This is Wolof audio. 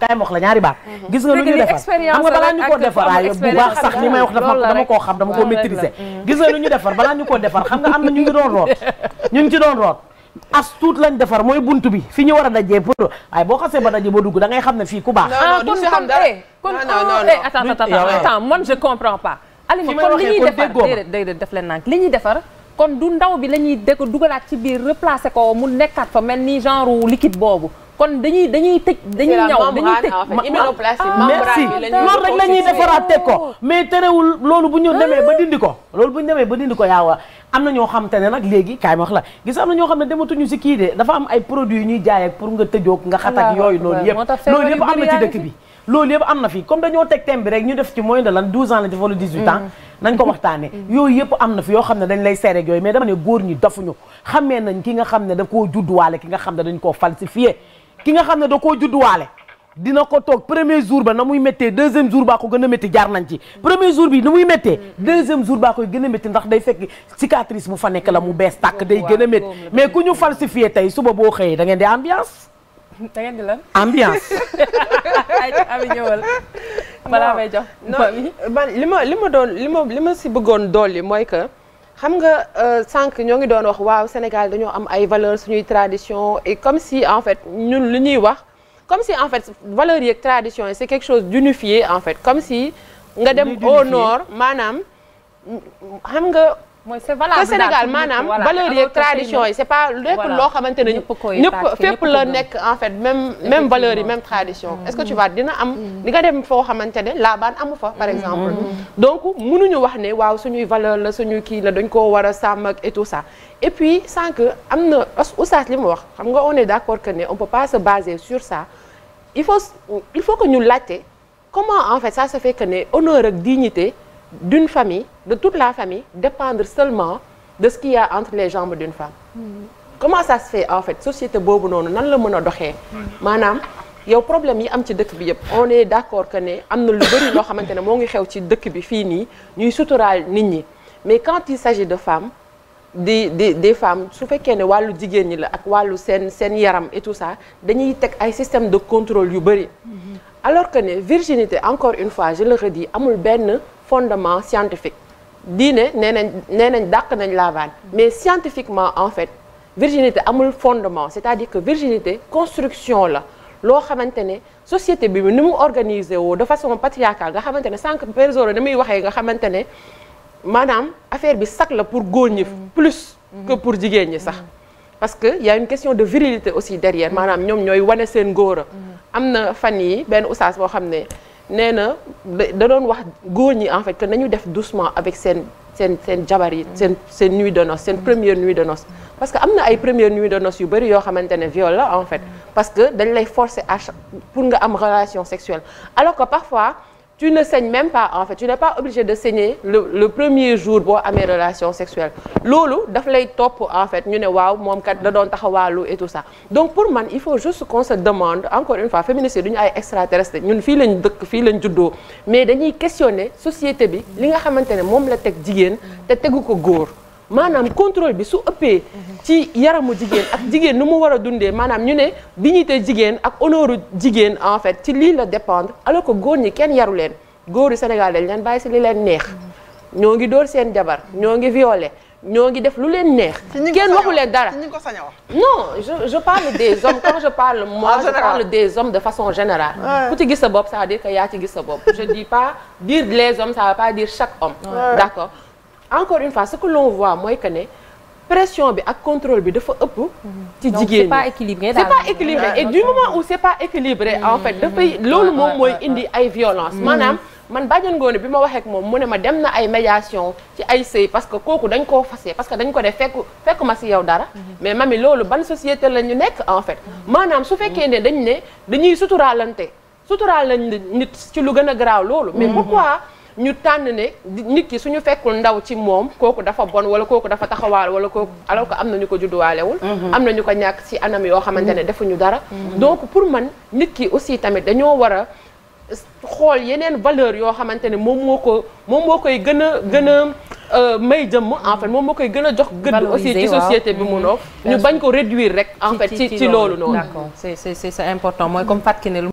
kaay ma wax la ñaari baat mhm. defar mhm. na ñu ngi doon root ñu defar mooy bunt bi fi ñu war a dajee pour waaye boo xasee ba dajee ba da ngay xam ne fii ku baax ah, kon kon eh, kon eh, attends attends attends man je comprends pas def leen naan li ñuy defar kon du ndaw bi la ñuy dugalaat ci biir replacer ko mu nekkaat fa mel ni genre liquide boobu kon dañuy dañuy tëj dañuy ñaw dañuy tëj ah, merci loolu rek la ñuy defaraat teg ko mais terewul loolu bu ñu demee ba dindi ko loolu bu ñu demee ba dindi ko yaawa am na ñoo xam te ne nag léegi kaay ma wax gis na ñoo xam ne dematuñu si kii de dafa am ay produits yu ñuy jaay ak pour nga tëjoog nga yooyu loolu yëpp loolu yëpp am na ci dëkk bi na fi comme dañoo teg thème bi rek ñu def ci moyen de lan 12 ans la def wala 18 ans mm. nañ ko waxtaane mm. yooyu yëpp am na yoo xam ne dañ lay seere yooyu mais dama ne góor ñi dafuñu xamee nañ ki nga xam ne da koo judduwaale ki nga xam ne dañ koo falsifié ki nga xam ne da koo judduwaale dina ko toog premier jour ba na muy méttee deuxième jour baa ko gën a métti jaar nañ ci premier jour bi na muy méttee deuxième jour baa koy gën a métti ndax day fekk cicatrice bu fa nekk la mu bees tàkk day gën a métti mais ku ñu falsifié tey suba boo xëyee da ngeen di ambiance da ngeen di lan ambiance ay ami ñëwal balaa may jox man li ma li ma doon li ma li ma si bëggoon dolli mooy que xam nga euh, sànq ñoo ngi doon wax waaw Sénégal dañoo am ay valeurs suñuy tradition et comme si en fait ñun li ñuy wax comme si en fait valeur yeeg tradition yi c'est quelque chose d'unifié en fait comme si nga dem au nord maanaam xam nga mooy c'est valable te Sénégal maanaam valeurs yeeg tradition yi c'est pas loo xamante ne ñëpp fépp la nekk en fait même même valeurs yi même tradition est-ce que tu vois dina am mm. di nga dem foo xamante ne laabaan amu fa par mm. exemple mm. donc mënuñu wax ne waaw suñuy valeur la suñuy kii la dañ koo war a sàmm ak et tout ça et puis sans que am na oustaz li mu wax xam nga on est d'accord que ne on peut pas se baser sur ça il faut il faut que ñu laajte comment en fait ça se fait que ne honneur ak dignité d'une famille de toute la famille dépendre seulement de ce qu'il a entre les jambes d'une femme mmh. comment ça se fait en fait société boobu noonu nan la mën a doxee maanaam yow problème yi am ci dëkk bi yëpp on est d'accord que ne am na lu bari loo xamante ne moo ngi xew ci dëkk bi fii nii ñuy suturaal nit ñi mais quand il s'agit de femmes di di des femmes su fekkee ne wàllu jigéen ñi la ak wàllu seen seen yaram et tout ça dañuy teg ay système de contrôle yu bari mm-hmm. alors que ne virginité encore une fois je le amul benn fondement scientifique diine nee nañ nee nañ dàq nañ Laval mais scientifiquement en fait virginité amul fondement c'est-à-dire que virginité construction la loo xamante ne société bi ni mu organiser woo de façon patriarcale nga xamante ne sànq persone ni muy waxee nga xamante ne maanaam affaire bi sac la pour góor ñi mm-hmm. plus mm-hmm. que pour jigéen ñi sax mm-hmm. parce que y une question de virilité aussi derrière maanaam ñoom ñooy wane seen góor am na fan yi benn oustaz boo xam ne nee na da doon wax góor ñi en fait que nañu def doucement avec seen seen seen jabar yi seen seen nuit de noces seen première nuit de noces parce que am na ay première nuit de noces yu bëri yoo xamante ne viol la en fait parce que dañ lay forcer à pour nga am relation sexuelle alors que parfois tu ne saignes même pas en fait tu n'es pas obligé de saigner le le premier jour boo amee relation sexuelle loolu dafa lay topp en fait ñu ne waaw moom kat da doon taxawaalu et tout ça donc pour man il faut juste qu'on se demande encore une fois féministes yi du ñu ay extraterrestre ñun fii lañ dëkk fii lañ juddoo mais dañuy questionner société bi li nga xamante ne moom la teg jigéen te tegu ko góor maanaam contrôle bi su ëppee ci yaramu jigéen ak jigéen nu mu war a dundee maanaam ñu ne dignité jigéen ak honneuru jigéen en fait ci lii la dépendre alors que góor ñi kenn yaru leen góoru Sénégal dañ leen bàyyi si li leen neex ñoo ngi dóor seen jabar ñoo ngi violé ñoo ngi def lu leen neex. kenn waxu leen dara ñi ko sañ a wax. non je je parle des hommes quand je parle moi je parle des hommes de façon générale. ku ci gis sa bopp ça dire que yaa ci gis sa bopp. je dis pas dire les hommes ça veut encore une fois ce que l'on voit mooy que ne pression bi ak contrôle bi dafa ëpp. ci jigéen ñi donc c'est pas équilibré et du moment où c'est pas équilibré. en fait mm. dafay loolu moom mooy indi ay violence mm. maanaam. man bàjjan ngoone bi ma waxeek moom mu ne ma dem na ay médiation ci ay sëy parce que kooku dañ koo fase parce que dañ ko def fekk fekk ma si yow dara mm-hmm. mais mami loolu ban société la ñu nekk en fait mm-hmm. maanaam su fekkee ne dañ ne dañuy suturaalante suturaal lañ nit ci lu gën a garaaw loolu mais mm-hmm. pourquoi ñu tànn ne nit ki suñu fekkul ndaw ci moom kooku dafa bon wala kooku dafa taxawaal wala kooku alors que am na ñu ko judduwaalewul mhm. am na ñu ko ñàkk ci anam yoo xamante ne mhm. defuñu dara mhm. donc pour man nit ki aussi tamit dañoo war a xool yeneen valeur yoo xamante ne moom moo ko moom moo koy gën a gën a euh, may jëmm en fait moom moo koy gën a jox gëdd aussi ci société bi mu noo ñu bañ ko réduire rek en fait ci ci loolu noonu d'accord c'est c'est important mooy comme fàttali ne